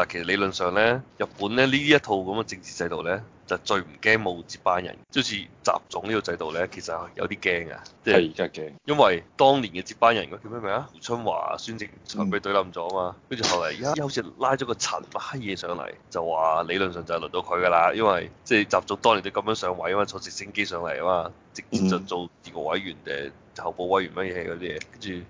嗱，其實理論上咧，日本咧呢一套咁嘅政治制度咧，就最唔驚冇接班人。即好似習總呢個制度咧，其實有啲驚嘅。係嘅，因為當年嘅接班人嗰叫咩名啊？胡春華孫政才被對冧咗啊嘛。跟住、嗯、後嚟，而家好似拉咗個陳乜閪嘢上嚟，就話理論上就係輪到佢㗎啦。因為即係習總當年都咁樣上位啊嘛，坐直升機上嚟啊嘛，直接就做二號委員誒，候、嗯、補委員乜嘢嗰啲嘢，跟住。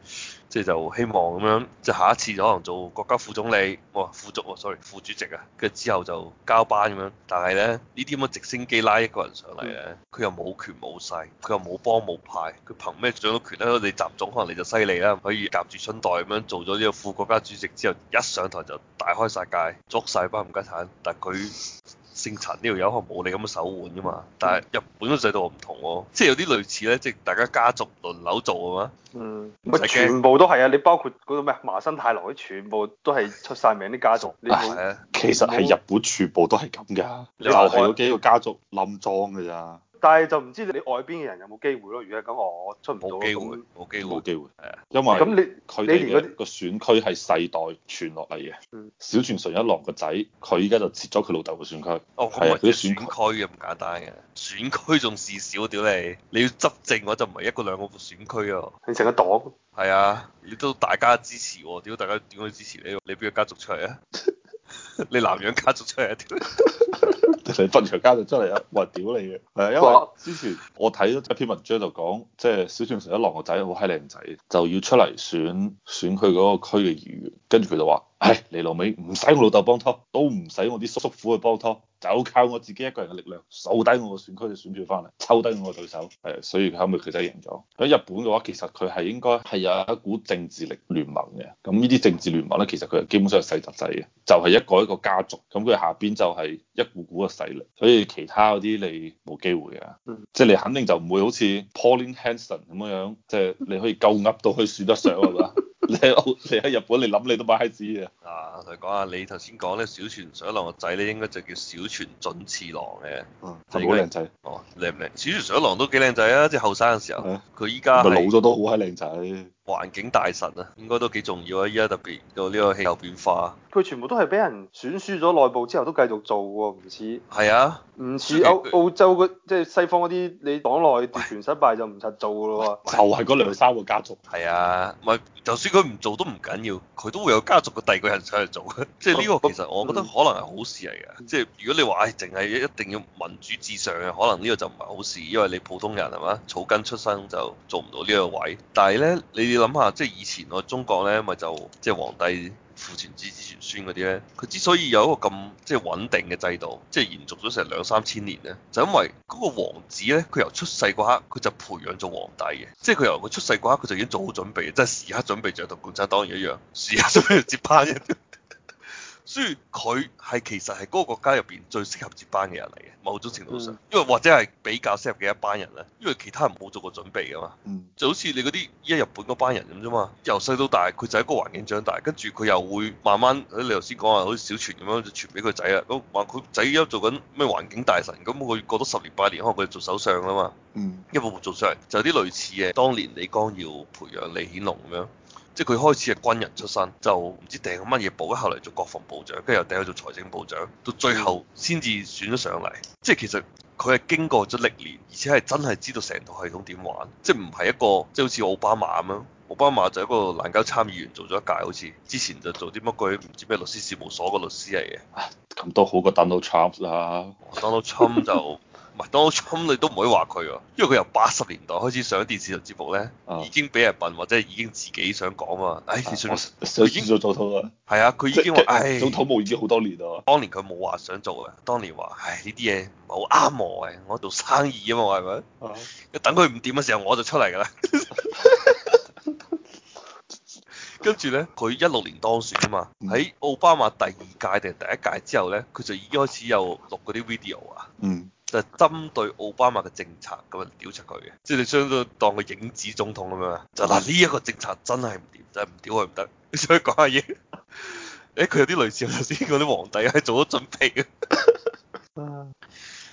即係就希望咁樣，即係下一次就可能做國家副總理，我、哦、副總喎，sorry，副主席啊，跟住之後就交班咁樣。但係咧，呢啲咁嘅直升機拉一個人上嚟呢，佢、嗯、又冇權冇勢，佢又冇幫冇派，佢憑咩掌握權呢？我哋習總可能你就犀利啦，可以夾住春袋咁樣做咗呢個副國家主席之後，一上台就大開殺戒，捉晒班冚家鏟，但佢。姓陳呢條友可能冇你咁嘅手腕㗎嘛，但係日本嘅制度唔同喎、啊，即係有啲類似咧，即係大家家族輪流做㗎嘛。嗯，全部都係啊！你包括嗰個咩麻生太郎全部都係出晒名啲家族。呢係啊，其實係日本全部都係咁、嗯、你留係有幾個家族冧莊㗎咋。但係就唔知你外邊嘅人有冇機會咯？如果咁我出唔到冇機會，冇機會，冇機會。係啊，因為咁你佢哋嘅個選區係世代、嗯、傳落嚟嘅，小泉純一郎個仔，佢依家就接咗佢老豆嘅選區，哦，佢啲是選區嘅咁簡單嘅選區仲事少屌你，你要執政我就唔係一個兩個個選區啊，你成個黨係啊，你都大家支持喎、哦，屌大家點解支持你？你邊個家族出嚟啊？ 你男人家族出嚟啊？ 你份長家就真係啊，話屌你嘅，係因為之前我睇咗一篇文章就講，即係小泉純一郎個仔好閪靚仔，就要出嚟選選佢嗰個區嘅議員，跟住佢就話：唉，你老味唔使我老豆幫拖，都唔使我啲叔叔父去幫拖。就靠我自己一個人嘅力量，收低我嘅選區嘅選票翻嚟，抽低我嘅對手，係，所以佢後尾其實贏咗。喺日本嘅話，其實佢係應該係有一股政治力聯盟嘅，咁呢啲政治聯盟咧，其實佢係基本上係世襲制嘅，就係、是、一個一個家族，咁佢下邊就係一股股嘅勢力，所以其他嗰啲你冇機會嘅，即、就、係、是、你肯定就唔會好似 Pauline Hanson 咁樣，即、就、係、是、你可以夠噏到去算得上係嘛。 你喺日本，你諗你都唔係閪子嘅。啊，我講下你頭先講咧，小泉水郎個仔咧，應該就叫小泉準次郎嘅。嗯、啊，係咪好靚仔？哦，靚唔靚？小泉水郎都幾靚仔啊！即係後生嘅時候，佢依家老咗都好閪靚仔？環境大臣啊，應該都幾重要啊！依家特別到呢個氣候變化，佢全部都係俾人選輸咗內部之後都繼續做喎，唔似係啊，唔似歐歐洲嗰啲即係西方嗰啲，你黨內奪權失敗就唔柒做咯，就係嗰兩三個家族係啊，唔係，就算佢唔做都唔緊要，佢都會有家族嘅第二個人出嚟做，即係呢個其實我覺得可能係好事嚟㗎，即係、嗯、如果你話唉，淨係一定要民主至上嘅，嗯、可能呢個就唔係好事，因為你普通人係嘛草根出生就做唔到呢個位，但係咧你。你諗下，即係以前我中國咧，咪就即係皇帝父傳子子傳孫嗰啲咧。佢之所以有一個咁即係穩定嘅制度，即係延續咗成兩三千年咧，就因為嗰個王子咧，佢由出世嗰刻，佢就培養咗皇帝嘅，即係佢由佢出世嗰刻，佢就已經做好準備，即係時刻準備就同共產黨一樣，時刻準備接班人。 雖然佢係其實係嗰個國家入邊最適合接班嘅人嚟嘅，某種程度上，因為或者係比較適合嘅一班人啦，因為其他人冇做過準備啊嘛，就好似你嗰啲一日本嗰班人咁啫嘛，由細到大佢就喺嗰個環境長大，跟住佢又會慢慢好似你頭先講話，好似小泉咁樣就傳俾佢仔啦，咁話佢仔而家做緊咩環境大臣，咁佢過咗十年八年可能佢做首相啦嘛，一步步做上嚟，就啲類似嘅，當年李光耀培養李顯龍咁樣。即係佢開始係軍人出身，就唔知掟咗乜嘢部，後嚟做國防部長，跟住又掟咗做財政部長，到最後先至選咗上嚟。即係其實佢係經過咗歷練，而且係真係知道成套系統點玩，即係唔係一個即係好似奧巴馬咁樣。奧巴馬就係一個難交參議員做咗一屆好，好似之前就做啲乜鬼唔知咩律師事務所個律師嚟嘅。咁都、啊、好過 Donald Trump 啦、啊。Donald Trump 就。唔你都唔可以話佢啊，因為佢由八十年代開始上電視台節目咧，uh huh. 已經俾人笨或者已經自己想講啊、哎 uh huh. 想。唉，算啦，已經做總統啦。係啊，佢已經話唉，總統已經好多年啊。當年佢冇話想做嘅，當年話唉呢啲嘢唔係好啱我嘅，我做生意啊嘛，係咪？Uh huh. 等佢唔掂嘅時候，我就出嚟㗎啦。 跟住咧，佢一六年當選啊嘛，喺奧巴馬第二屆定第一屆之後咧，佢就已經開始有錄嗰啲 video 啊。嗯。 就針對奧巴馬嘅政策咁啊，屌出佢嘅，即係相當當個影子總統咁樣。就嗱呢一個政策真係唔掂，真係唔屌佢唔得。你想去講下嘢，誒 佢、欸、有啲類似頭先啲皇帝係做咗準備嘅，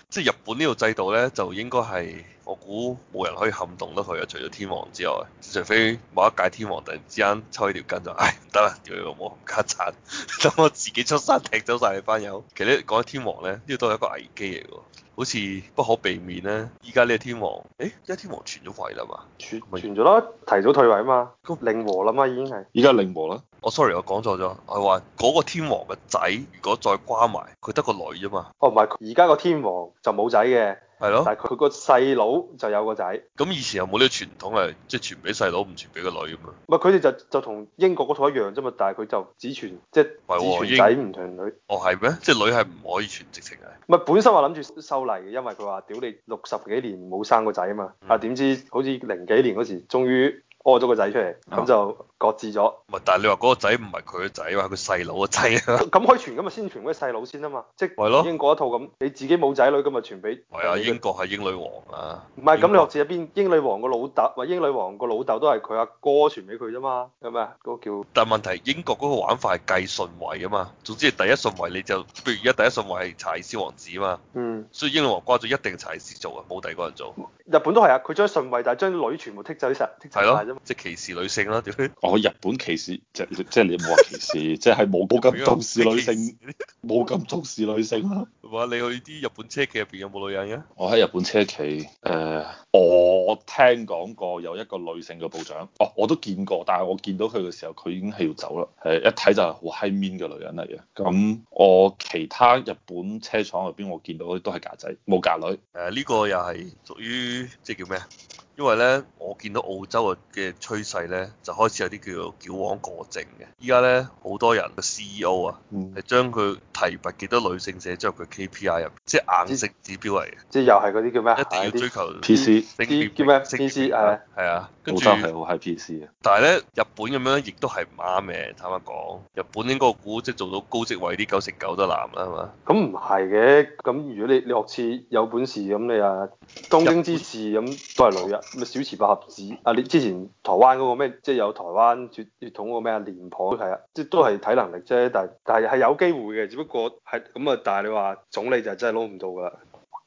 即係日本呢個制度咧，就應該係我估冇人可以撼動得佢啊，除咗天皇之外，除非某一屆天皇突然之間抽起條筋就，唉，唔得啦，屌你老母冚家鏟，咁 我自己出山踢走晒你班友。其實講起天皇咧，呢個都係一個危機嚟喎。好似不可避免咧，依家呢個天皇，誒、欸，依家天皇傳咗位啦嘛，傳傳咗啦？提早退位啊嘛，咁令和啦嘛已經係，依家係令和啦、oh。我 sorry，我講錯咗，我話嗰個天皇嘅仔，如果再瓜埋，佢得個女啫嘛。哦，唔係，而家個天皇就冇仔嘅。係咯，但係佢個細佬就有個仔。咁以前有冇呢個傳統係即係傳俾細佬，唔傳俾個女咁樣？唔係佢哋就就同英國嗰套一樣啫嘛，但係佢就只傳即係、就是、只傳仔唔、哦、傳女。哦，係咩？即係女係唔可以傳直情係。唔係本身話諗住修例嘅，因為佢話屌你六十幾年冇生個仔啊嘛，啊點、嗯、知好似零幾年嗰時終於屙咗個仔出嚟，咁、哦、就擱置咗。但係你話嗰個仔唔係佢嘅仔，而係佢細佬嘅仔啊！咁 可以傳咁咪先傳俾細佬先啊嘛，即係英國一套咁，你自己冇仔女咁咪傳俾係啊，英國係英女王。啊。唔係咁，你學似入邊英女王個老豆，英女王個老豆都係佢阿哥傳俾佢啫嘛，有咪，嗰、嗰個叫但係問題，英國嗰個玩法係計順位啊嘛。總之第一順位你就，譬如而家第一順位係柴絲王子啊嘛。嗯。所以英女王瓜咗一定柴絲做啊，冇第二個人做。日本都係啊，佢將順位但係將女全部剔走啲曬，剔曬啫嘛。即係、啊就是、歧視女性啦，點？哦，日本歧。 即即即你冇話歧視， 即係冇冇咁重視女性，冇咁 重視女性啦。話 你去啲日本車企入邊有冇女人嘅？我喺日本車企，誒、呃，我聽講過有一個女性嘅部長，哦，我都見過，但係我見到佢嘅時候，佢已經係要走啦。誒，一睇就係好閪面嘅女人嚟嘅。咁樣、嗯、我其他日本車廠入邊，我見到都係架仔，冇架女。誒、呃，呢、呢個又係屬於即係叫咩啊？因為咧，我見到澳洲嘅嘅趨勢咧，就開始有啲叫做矯枉過正嘅。依家咧，好多人個 CEO 啊，係、嗯、將佢提拔幾多女性寫入佢 KPI 入，即係硬性指標嚟嘅。嗯、即係又係嗰啲叫咩？一定要追求 PC。啲叫咩？PC 係係啊，澳洲係好 high PC 啊。但係咧，日本咁樣亦都係唔啱嘅。坦白講，日本應該估即係做到高職位啲九成九都男啦，係嘛？咁唔係嘅。咁如果你你學似有本事咁，你啊東京知事咁都係女人。日本 咪小池百合子啊！你之前台灣嗰個咩，即係有台灣血血統嗰個咩啊蓮舫都係啊，即係都係睇能力啫。但係但係係有機會嘅，只不過係咁啊。但係你話總理就真係攞唔到㗎。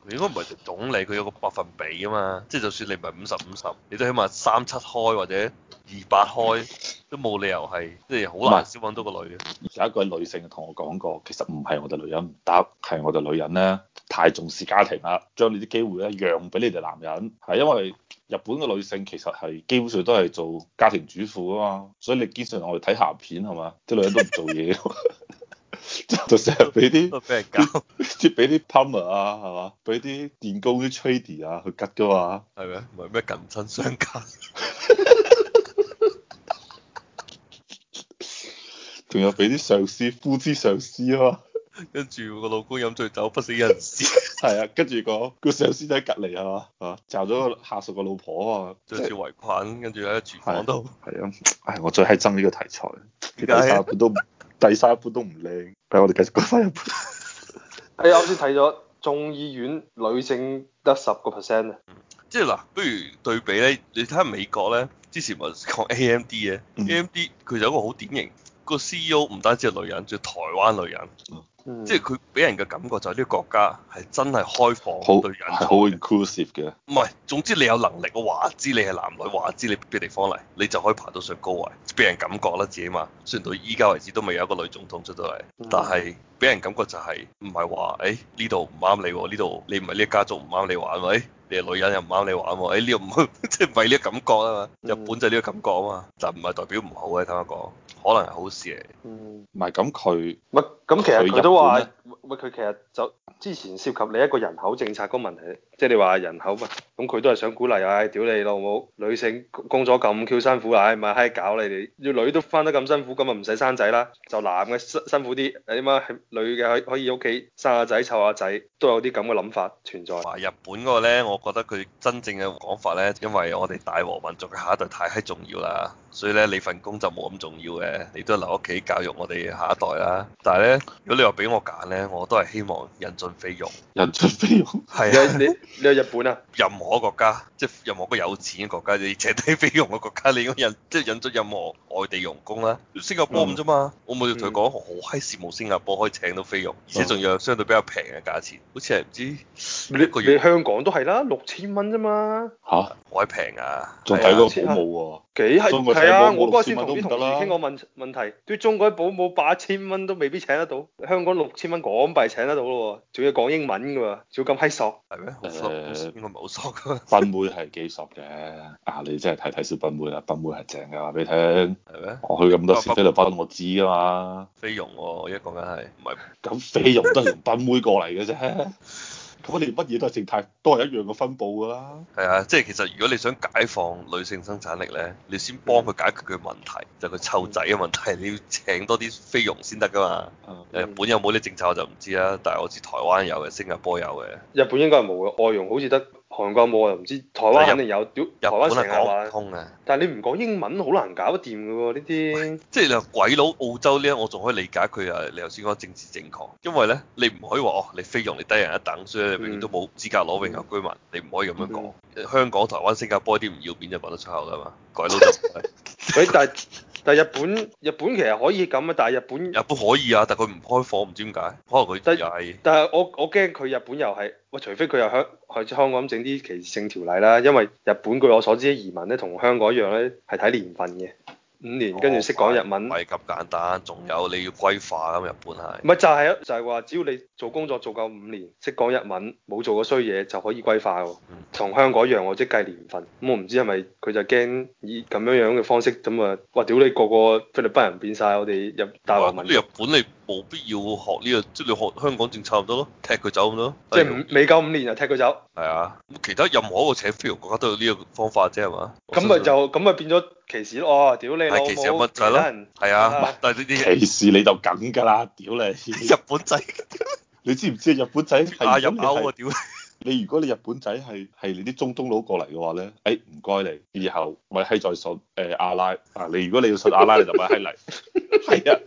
應該唔係總理，佢有個百分比啊嘛。即係就算你唔係五十五十，你都起碼三七開或者二八開，都冇理由係即係好難先揾到個女嘅。有一個女，係一個女性同我講過，其實唔係我哋女人得係我哋女人咧，太重視家庭啦，將呢啲機會咧讓俾你哋男人，係因為。日本嘅女性其實係基本上都係做家庭主婦啊嘛，所以你經常我哋睇鹹片係嘛，啲女人都唔做嘢，就成日俾啲即係俾啲 plumber 啊係嘛，俾啲、啊、電工啲 tradesy、er、啊去吉嘅嘛，係咪？唔係咩近親相姦，仲 有俾啲上司夫之上司啊嘛。跟住我個老公飲醉酒不省人事，係 啊，跟住講、個上司喺隔籬係嘛，係咗個、啊、下屬個老婆啊，再住圍裙，跟住喺廚房度。係啊，唉、哎，我最閪憎呢個題材，第三部都、啊、第三部都唔靚，咁我哋繼續講翻一部。哎呀，我先睇咗眾議院女性得十個 percent 啊，即係嗱，不如對比咧，你睇下美國咧，之前咪講 A M D 嘅 A M D，佢有一個好典型，個 C E O 唔單止係女人，仲台灣女人。嗯嗯、即係佢俾人嘅感覺就係呢個國家係真係開放，好對人係好 inclusive 嘅。唔係。總之你有能力，嘅話知你係男女，話知你邊地方嚟，你就可以爬到上高位，俾人感覺啦自己嘛。雖然到依家為止都未有一個女總統出到嚟，但係俾人感覺就係唔係話誒呢度唔啱你喎，呢度你唔係呢個家族唔啱你玩喎、啊欸，你係女人又唔啱你玩喎，呢度唔即係唔係呢個感覺啊嘛，日本就呢個感覺啊嘛，就唔係代表唔好嘅，聽我講，可能係好事嚟。唔係咁佢，唔咁其實佢都話，佢其實就之前涉及你一個人口政策嗰問題，即係你話人口嘛，咁佢都係想鼓勵啊！屌你老母，女性工作咁 Q 辛苦啊！係咪閪、哎、搞你哋，要女都返得咁辛苦，咁啊唔使生仔啦，就男嘅辛辛苦啲，起碼女嘅可以屋企生下仔湊下仔，都有啲咁嘅諗法存在。日本嗰個咧，我覺得佢真正嘅講法咧，因為我哋大和民族嘅下一代太閪重要啦。所以咧，你份工就冇咁重要嘅，你都留屋企教育我哋下一代啦。但係咧，如果你話俾我揀咧，我都係希望引進菲傭。引進菲傭。係啊，你你你喺日本啊？任何國家，即係任何個有錢嘅國家，你請低菲傭嘅國家，你應該引即係引進任何外地傭工啦。新加坡咁啫嘛，我冇同佢講，好閪羨慕新加坡可以請到菲傭，而且仲有相對比較平嘅價錢，好似係唔知你你香港都係啦，六千蚊啫嘛。嚇！好閪平啊，仲睇到保姆喎。幾係係啊！我嗰日先同啲同事傾過問問題，都中國啲保姆八千蚊都未必請得到，香港六千蚊港幣請得到咯，仲要講英文嘅喎，仲要咁閪索，係咩嗎？誒、呃，應該冇索嘅，賓妹係幾索嘅，啊！你真係睇睇小賓妹啦，賓妹係正嘅話俾你聽，係咩嗎？我去咁多次菲律賓，我知啊嘛。菲傭喎，我依家講緊係，唔係是，咁菲傭都係用賓妹過嚟嘅啫。我覺得你連乜嘢都係靜態，都係一樣嘅分佈㗎啦。係啊，即係其實如果你想解放女性生產力咧，你先幫佢解決佢問題，就佢湊仔嘅問題，你要請多啲菲傭先得㗎嘛。日本有冇啲政策我就唔知啦，但係我知台灣有嘅，新加坡有嘅。日本應該係冇嘅，外傭好似得。韓國冇我唔知，台灣肯定有。屌入，台灣成日話，但係你唔講英文好難搞得掂嘅喎呢啲。即係你話鬼佬澳洲呢，我仲可以理解佢啊！你頭先講政治正確，因為咧你唔可以話哦，你菲傭你低人一等，所以你永遠都冇資格攞永久居民。嗯、你唔可以咁樣講。嗯嗯、香港、台灣、新加坡啲唔要面就講得出口㗎嘛？鬼佬就係，誒但係。但係日本，日本其實可以咁啊！但係日本日本可以啊，但係佢唔開放，唔知點解，可能佢又係。但係我我驚佢日本又係，喂，除非佢又香，好似香港咁整啲歧視性條例啦。因為日本據我所知移民咧，同香港一樣咧，係睇年份嘅。五年跟住識講日文，唔係咁簡單，仲有你要歸化咁日本係。唔係就係啊，就係、係、話、就係、只要你做工作做夠五年，識講日文，冇做過衰嘢就可以歸化喎。同、嗯、香港一樣我即計年份。咁、嗯、我唔知係咪佢就驚以咁樣樣嘅方式咁啊？哇！屌你個個菲律賓人變晒。我哋入大和民。冇必要學呢、這個，即、就、係、是、你學香港政差唔多咯，踢佢走咁咯。即係未夠五年就踢佢走。係啊，其他任何一個請菲傭國家都有呢個方法啫，係嘛？咁咪就咁咪變咗歧視咯？哦，屌你老母，歧視有乜係啊，但呢啲歧視你就梗㗎啦，屌你！日本仔， 你知唔知日本仔係啊，亞歐啊，屌！你如果你日本仔係係你啲中東佬過嚟嘅話咧，誒唔該你，以後咪閪再信誒、呃、阿拉啊！你如果你要信阿拉，你就咪閪嚟。係啊。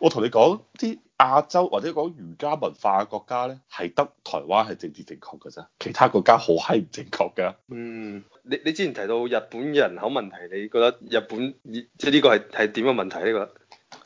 我同你講，啲亞洲或者講儒家文化嘅國家咧，係得台灣係政治正確嘅咋，其他國家好閪唔正確㗎。嗯，你你之前提到日本人口問題，你覺得日本即係呢個係係點嘅問題呢個？你覺得？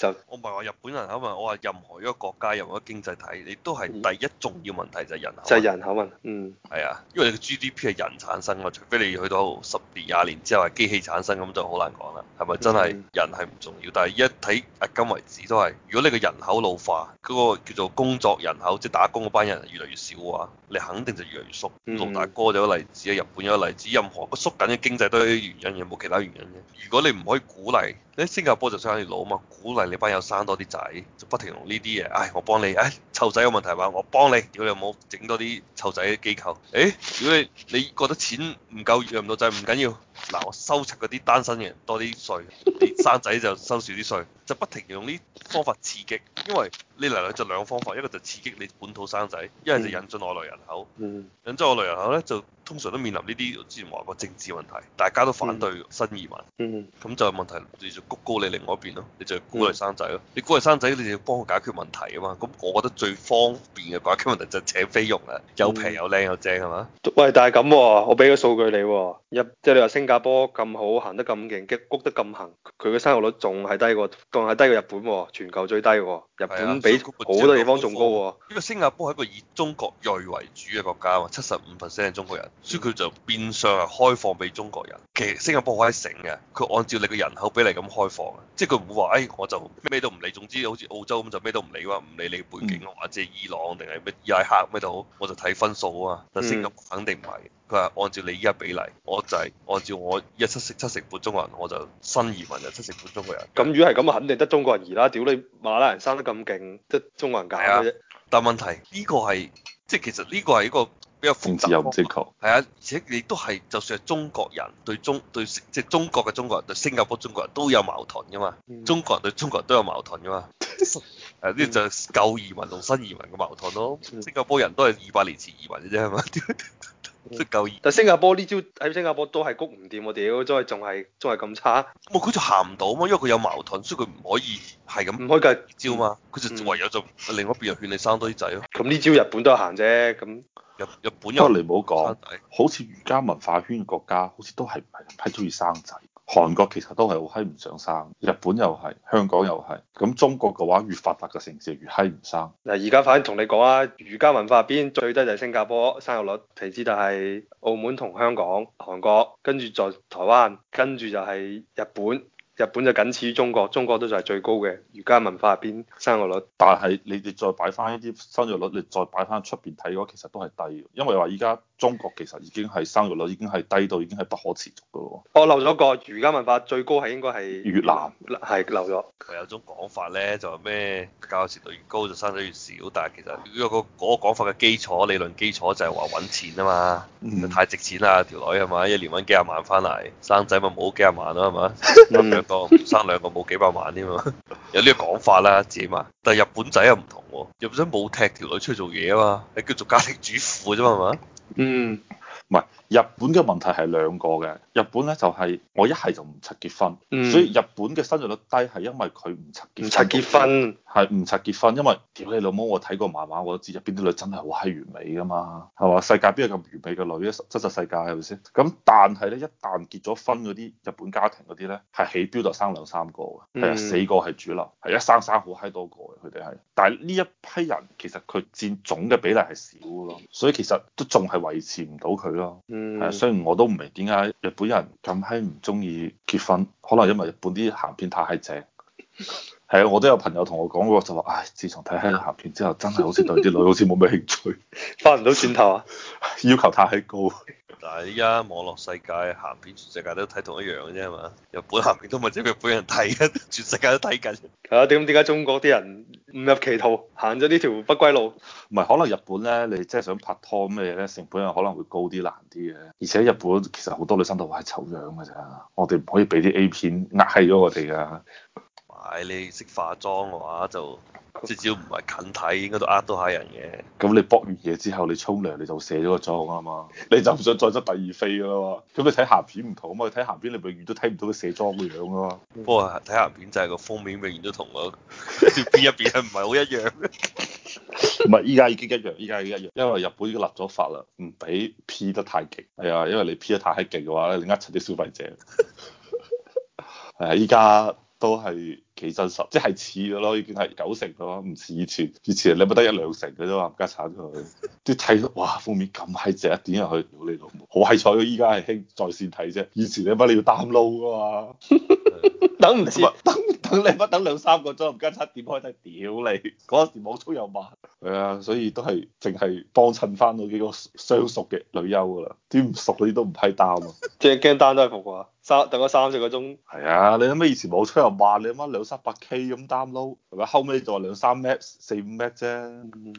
就我唔係話日本人口，問我話任何一個國家，任何一個經濟體，你都係第一重要問題就係人口，嗯、就係、係、人口問題。嗯，係啊，因為你個 GDP 係人產生啊，除非你去到十年、廿年之後係機器產生咁就好難講啦，係咪真係人係唔重要？但係一睇而今為止都係，如果你個人口老化，嗰、嗰個叫做工作人口，即係打工嗰班人越嚟越少嘅話，你肯定就越嚟越縮。同大哥有個例子啊，日本有個例子，任何縮緊嘅經濟都有啲原因，有冇其他原因嘅？如果你唔可以鼓勵。你新加坡就想你老嘛，鼓勵你班友生多啲仔，就不停用呢啲嘢。唉、哎，我幫你，唉、哎，湊仔有問題嘅話，我幫你。如果你冇整多啲湊仔嘅機構，誒、哎，如果你你覺得錢唔夠養唔到仔，唔、就是、緊要，嗱，我收輯嗰啲單身嘅人多啲稅，你生仔就收少啲稅。就不停用呢方法刺激，因為你嚟嚟就兩方法，一個就刺激你本土生仔，一係就引進外來人口。嗯、引進外來人口咧，就通常都面臨呢啲我之前話過政治問題，大家都反對、嗯、新移民。咁、嗯、就有問題，你就谷高你另外一邊咯，你就焗嚟生仔咯。嗯、你焗嚟生仔，你就要幫佢解決問題啊嘛。咁我覺得最方便嘅解決問題就請菲傭啦，又平又靚又正係嘛？喂，但係咁喎，我俾個數據你喎、哦，入即係你話新加坡咁好，行得咁勁，谷得咁行，佢嘅生育率仲係低過，係低過日本喎，全球最低喎。日本比好多地方仲高喎。因為新加坡係一個以中國裔為主嘅國家啊嘛，七十五 percent 係中國人，嗯、所以佢就變相係開放俾中國人。其實新加坡可以醒嘅，佢按照你嘅人口比例咁開放，即係佢唔會話，誒、哎、我就咩都唔理，總之好似澳洲咁就咩都唔理，話唔理你背景、嗯、或者伊朗定係咩伊拉克咩都好，我就睇分數啊。但新加坡肯定唔係。佢按照你依家比例，我就係按照我一七七成半中國人，我就新移民就七成半中國人。咁如果係咁，肯定得中國人移啦！屌你馬拉人生得咁勁，得中國人解啫、啊啊。但問題呢、呢個係即係其實呢個係一個比較複雜嘅問題。係啊，而且你都係就算係中國人對中對即係中國嘅中國人對新加坡中國人都有矛盾噶嘛？中國人對中國人都有矛盾噶嘛？誒呢就舊移民同新移民嘅矛盾咯。新 加坡人都係二百年前移民嘅啫，係嘛？即係夠熱，但係新加坡呢招喺新加坡都係谷唔掂我屌，真係仲係仲係咁差。冇、嗯，佢就行唔到嘛，因為佢有矛盾，所以佢唔可以係咁。唔開計招嘛，佢就唯有就另外一邊又勸你生多啲仔咯。咁呢招日本都係行啫，咁日日本、嗯、你唔底好講，好似儒家文化圈嘅國家，好似都係唔係咁閪中意生仔。韓國其實都係好閪唔想生，日本又係，香港又係，咁中國嘅話越發達嘅城市越閪唔生。嗱，而家反正同你講啊，儒家文化入邊最低就係新加坡生育率，其次就係澳門同香港、韓國，跟住在台灣，跟住就係日本，日本就僅次於中國，中國都就係最高嘅儒家文化入邊生育率。但係你哋再擺翻一啲生育率，你再擺翻出邊睇嘅話，其實都係低，因為話依家中國其實已經係生育率已經係低到已經係不可持續咯。我漏咗個儒家文化最高係應該係越南，係漏咗。有種講法咧，就話咩教育程度越高就生育越少，但係其實一個個講法嘅基礎理論基礎就係話揾錢啊嘛，嗯、太值錢啦條女係嘛，一年揾幾廿萬翻嚟，生仔咪冇幾廿萬咯係嘛。 哦、生兩個冇幾百萬添嘛， 有呢個講法啦，自己嘛。但係日本仔又唔同喎、啊，日本仔冇踢條女出去做嘢啊嘛，你叫做家庭主婦啫嘛係嘛。 嗯。唔係日本嘅問題係兩個嘅。日本咧就係、是、我一係就唔拆結婚，嗯、所以日本嘅生育率低係因為佢唔拆結唔拆結婚，係唔拆結婚。因為屌你老母，我睇過漫畫，我都知入邊啲女真係好閪完美噶嘛，係嘛？世界邊有咁完美嘅女咧？真實世界係咪先？咁但係咧，一旦結咗婚嗰啲日本家庭嗰啲咧，係起飆就生兩三個嘅，係啊、嗯，四個係主流，係一生生好閪多個嘅，佢哋係。但係呢一批人其實佢佔總嘅比例係少咯，所以其實都仲係維持唔到佢咯。嗯，誒，雖然我都唔明點解日本人咁閪唔中意結婚，可能因為日本啲鹹片太閪正。 係啊，我都有朋友同我講過，就話：，唉，自從睇黑鹹片之後，真係好似對啲女好似冇咩興趣，翻唔到轉頭啊！ 要求太探高 。但係依家網絡世界鹹片全世界都睇同一樣嘅啫，係嘛？日本鹹片都唔係只日本人睇嘅，全世界都睇緊。係啊，點解中國啲人誤入歧途，行咗呢條不歸路？唔係，可能日本咧，你即係想拍拖咩嘢咧，成本又可能會高啲、難啲嘅。而且日本其實好多女生都話係醜樣㗎咋，我哋唔可以俾啲 A 片壓喺咗我哋㗎。 你識化妝嘅話，就即只要唔係近睇，應該都呃到下人嘅。咁 你搏完嘢之後，你沖涼你就卸咗個妝啊嘛，嘛。你就唔想再執第二飛啦嘛。咁你睇鹹片唔同啊嘛，睇鹹片你永遠都睇唔到佢卸妝嘅樣啊嘛。 不過睇鹹片就係個封面永遠都同、個 P 入邊係唔係好一樣。唔係，依家已經一樣，依家已經一樣，因為日本已經立咗法啦，唔俾 P 得太勁，係啊，因為你 P 得太閪嘅話你呃親啲消費者。係啊，依家都係。幾真實，即係似咯，已經係九成咯，唔似以前。以前你乜得一兩成嘅啫，冚家鏟佢。啲睇哇封面咁閪正，點入去屌你老母！好閪彩。依家係興在線睇啫，以前你乜你要 download 噶嘛，等唔切，等等你乜等兩三個鐘，冚家鏟點開睇？屌你！嗰 陣時網速又慢。係啊，所以都係淨係幫襯翻到幾個相熟嘅女優噶啦，啲唔熟嗰啲都唔批單啊。即係驚單都係服啩？等三等咗三四個鐘，係啊、哎！你諗下以前冇出又話你諗下兩三百 K 咁 download，係咪後尾仲有兩三 Mbps、四五 Mbps 啫、嗯？